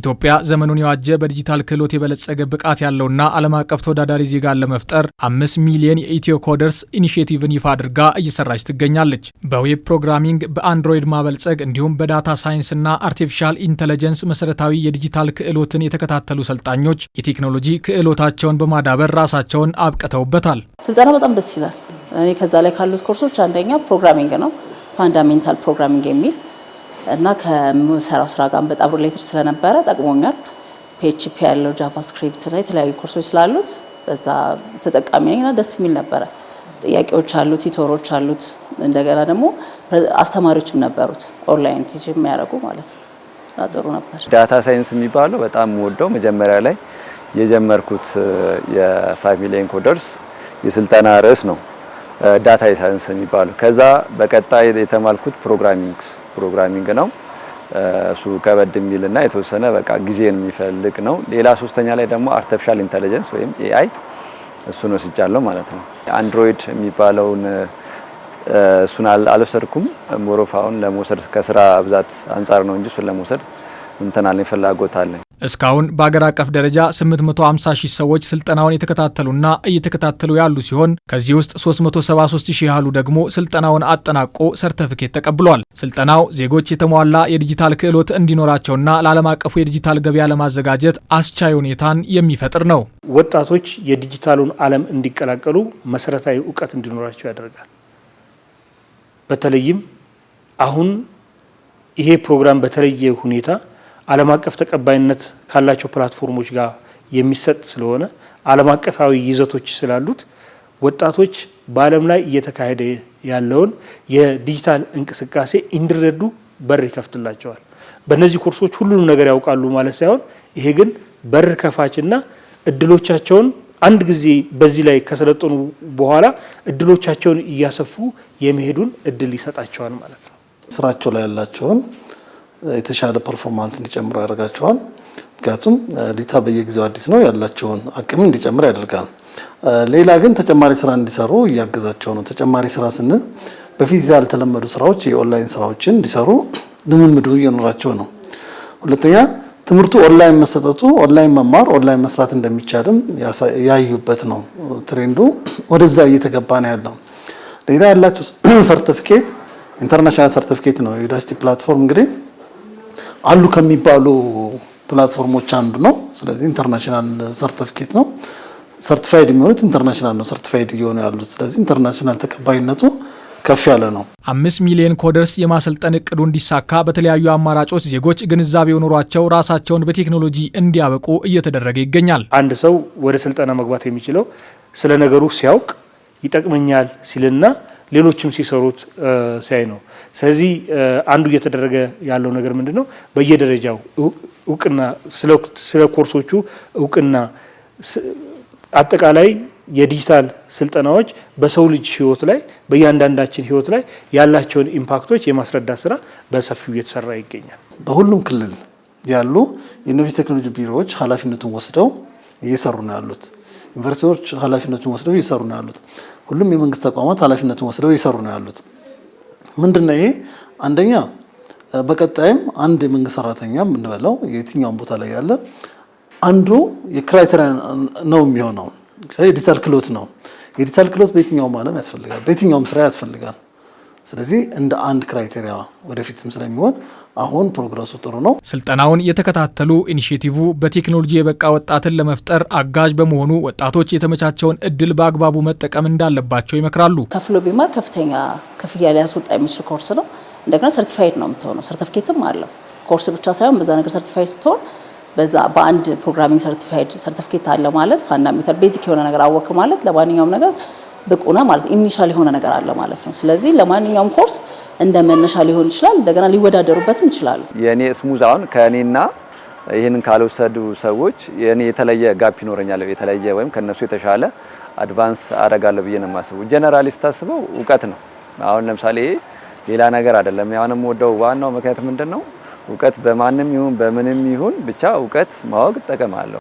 ኢትዮጵያ ዘመኑን የዋጀ በዲጂታል ክህሎት የበለጸገ ብቃት ያለውና ዓለም አቀፍ ተወዳዳሪ ዜጋን ለመፍጠር አምስት ሚሊዮን የኢትዮ ኮደርስ ኢኒሽቲቭን ይፋ አድርጋ እየሰራች ትገኛለች። በዌብ ፕሮግራሚንግ፣ በአንድሮይድ ማበልጸግ እንዲሁም በዳታ ሳይንስ ና አርቲፊሻል ኢንተለጀንስ መሰረታዊ የዲጂታል ክህሎትን የተከታተሉ ሰልጣኞች የቴክኖሎጂ ክህሎታቸውን በማዳበር ራሳቸውን አብቅተውበታል። ስልጠና በጣም ደስ ይላል። እኔ ከዛ ላይ ካሉት ኮርሶች አንደኛ ፕሮግራሚንግ ነው፣ ፋንዳሜንታል ፕሮግራሚንግ የሚል እና ከምሰራው ስራ ጋር በጣም ሪሌትድ ስለነበረ ጠቅሞኛል። ፒኤችፒ ያለው ጃቫስክሪፕት እና የተለያዩ ኮርሶች ስላሉት በዛ ተጠቃሚ ነኝና ደስ የሚል ነበረ። ጥያቄዎች አሉት፣ ቲቶሮች አሉት። እንደገና ደግሞ አስተማሪዎችም ነበሩት ኦንላይን ቲች የሚያደርጉ ማለት ነው። ጥሩ ነበር። ዳታ ሳይንስ የሚባለው በጣም ወደው መጀመሪያ ላይ የጀመርኩት የፋይቭ ሚሊዮን ኮደርስ የስልጠና ርዕስ ነው ዳታ ሳይንስ የሚባለው። ከዛ በቀጣይ የተማልኩት ፕሮግራሚንግስ ፕሮግራሚንግ ነው። እሱ ከበድ የሚልና የተወሰነ በቃ ጊዜን የሚፈልግ ነው። ሌላ ሶስተኛ ላይ ደግሞ አርቲፊሻል ኢንተለጀንስ ወይም ኤአይ እሱን ወስጃለሁ ማለት ነው። አንድሮይድ የሚባለውን እሱን አልወሰድኩም። ሞሮፋውን ለመውሰድ ከስራ ብዛት አንጻር ነው እንጂ እሱን ለመውሰድ እንትን አለኝ ፍላጎት አለኝ። እስካሁን በአገር አቀፍ ደረጃ 850 ሺህ ሰዎች ስልጠናውን የተከታተሉና እየተከታተሉ ያሉ ሲሆን ከዚህ ውስጥ 373 ሺህ ያህሉ ደግሞ ስልጠናውን አጠናቆ ሰርተፍኬት ተቀብሏል። ስልጠናው ዜጎች የተሟላ የዲጂታል ክህሎት እንዲኖራቸውና ለዓለም አቀፉ የዲጂታል ገበያ ለማዘጋጀት አስቻይ ሁኔታን የሚፈጥር ነው። ወጣቶች የዲጂታሉን ዓለም እንዲቀላቀሉ መሰረታዊ እውቀት እንዲኖራቸው ያደርጋል። በተለይም አሁን ይሄ ፕሮግራም በተለየ ሁኔታ ዓለም አቀፍ ተቀባይነት ካላቸው ፕላትፎርሞች ጋር የሚሰጥ ስለሆነ ዓለም አቀፋዊ ይዘቶች ስላሉት ወጣቶች በዓለም ላይ እየተካሄደ ያለውን የዲጂታል እንቅስቃሴ እንዲረዱ በር ይከፍትላቸዋል። በእነዚህ ኮርሶች ሁሉንም ነገር ያውቃሉ ማለት ሳይሆን ይሄ ግን በር ከፋችና እድሎቻቸውን አንድ ጊዜ በዚህ ላይ ከሰለጠኑ በኋላ እድሎቻቸውን እያሰፉ የመሄዱን እድል ይሰጣቸዋል ማለት ነው። ስራቸው ላይ ያላቸውን የተሻለ ፐርፎርማንስ እንዲጨምሩ ያደርጋቸዋል። ምክንያቱም ሊታ በየጊዜው አዲስ ነው፣ ያላቸውን አቅም እንዲጨምር ያደርጋል። ሌላ ግን ተጨማሪ ስራ እንዲሰሩ እያገዛቸው ነው። ተጨማሪ ስራ ስንል በፊት ያልተለመዱ ስራዎች፣ የኦንላይን ስራዎችን እንዲሰሩ ልምምዱ እየኖራቸው ነው። ሁለተኛ ትምህርቱ ኦንላይን መሰጠቱ ኦንላይን መማር ኦንላይን መስራት እንደሚቻልም ያዩበት ነው። ትሬንዱ ወደዛ እየተገባ ነው ያለው። ሌላ ያላቸው ሰርቲፊኬት ኢንተርናሽናል ሰርቲፊኬት ነው። የዩዳሲቲ ፕላትፎርም እንግዲህ አሉ ከሚባሉ ፕላትፎርሞች አንዱ ነው። ስለዚህ ኢንተርናሽናል ሰርቲፊኬት ነው። ሰርቲፋይድ የሚሆኑት ኢንተርናሽናል ነው ሰርቲፋይድ እየሆኑ ያሉት። ስለዚህ ኢንተርናሽናል ተቀባይነቱ ከፍ ያለ ነው። አምስት ሚሊዮን ኮደርስ የማሰልጠን እቅዱ እንዲሳካ በተለያዩ አማራጮች ዜጎች ግንዛቤ ኖሯቸው ራሳቸውን በቴክኖሎጂ እንዲያበቁ እየተደረገ ይገኛል። አንድ ሰው ወደ ስልጠና መግባት የሚችለው ስለ ነገሩ ሲያውቅ ይጠቅመኛል ሲልና ሌሎችም ሲሰሩት ሲያይ ነው። ስለዚህ አንዱ እየተደረገ ያለው ነገር ምንድን ነው? በየደረጃው እውቅና ስለ ኮርሶቹ እውቅና አጠቃላይ የዲጂታል ስልጠናዎች በሰው ልጅ ህይወት ላይ በእያንዳንዳችን ህይወት ላይ ያላቸውን ኢምፓክቶች የማስረዳት ስራ በሰፊው እየተሰራ ይገኛል። በሁሉም ክልል ያሉ የኢኖቬሽን ቴክኖሎጂ ቢሮዎች ኃላፊነቱን ወስደው እየሰሩ ነው ያሉት። ዩኒቨርሲቲዎች ኃላፊነቱን ወስደው እየሰሩ ነው ያሉት። ሁሉም የመንግስት ተቋማት ኃላፊነቱን ወስደው እየሰሩ ነው ያሉት። ምንድን ነው ይሄ? አንደኛ በቀጣይም አንድ የመንግስት ሰራተኛ የምንበላው የትኛውን ቦታ ላይ ያለ አንዱ የክራይቴሪያ ነው የሚሆነው የዲጂታል ክሎት ነው። የዲጂታል ክሎት በየትኛውም ዓለም ያስፈልጋል፣ በየትኛውም ስራ ያስፈልጋል። ስለዚህ እንደ አንድ ክራይቴሪያ ወደፊትም ስለሚሆን አሁን ፕሮግረሱ ጥሩ ነው። ስልጠናውን የተከታተሉ ኢኒሽቲቭ በቴክኖሎጂ የበቃ ወጣትን ለመፍጠር አጋዥ በመሆኑ ወጣቶች የተመቻቸውን እድል በአግባቡ መጠቀም እንዳለባቸው ይመክራሉ። ከፍሎ ቢማር ከፍተኛ ክፍያ ሊያስወጣ የሚችል ኮርስ ነው። እንደገና ሰርቲፋይድ ነው የምትሆነው። ሰርቲፊኬትም አለው ኮርስ ብቻ ሳይሆን በዛ ነገር ሰርቲፋይድ ስትሆን በዛ በአንድ ፕሮግራሚንግ ሰርቲፋይድ ሰርቲፊኬት አለ ማለት ፋንዳሜንታል ቤዚክ የሆነ ነገር አወቅ ማለት ለማንኛውም ነገር ብቁ ነህ ማለት ኢኒሻል የሆነ ነገር አለ ማለት ነው። ስለዚህ ለማንኛውም ኮርስ እንደ መነሻ ሊሆን ይችላል። እንደገና ሊወዳደሩበትም ይችላሉ። የእኔ ስሙዝ አሁን ከእኔና ይህንን ካልወሰዱ ሰዎች የእኔ የተለየ ጋፕ ይኖረኛል፣ የተለየ ወይም ከእነሱ የተሻለ አድቫንስ አደርጋለሁ ብዬ ነው የማስበው። ጀነራሊስት ታስበው እውቀት ነው። አሁን ለምሳሌ ሌላ ነገር አይደለም። ያንም ወደው ዋናው ምክንያት ምንድን ነው? እውቀት በማንም ይሁን በምንም ይሁን ብቻ እውቀት ማወቅ ጠቀም አለው።